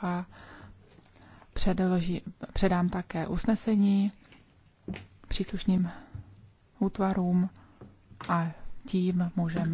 a předloží, předám také usnesení příslušným útvarům a tím můžeme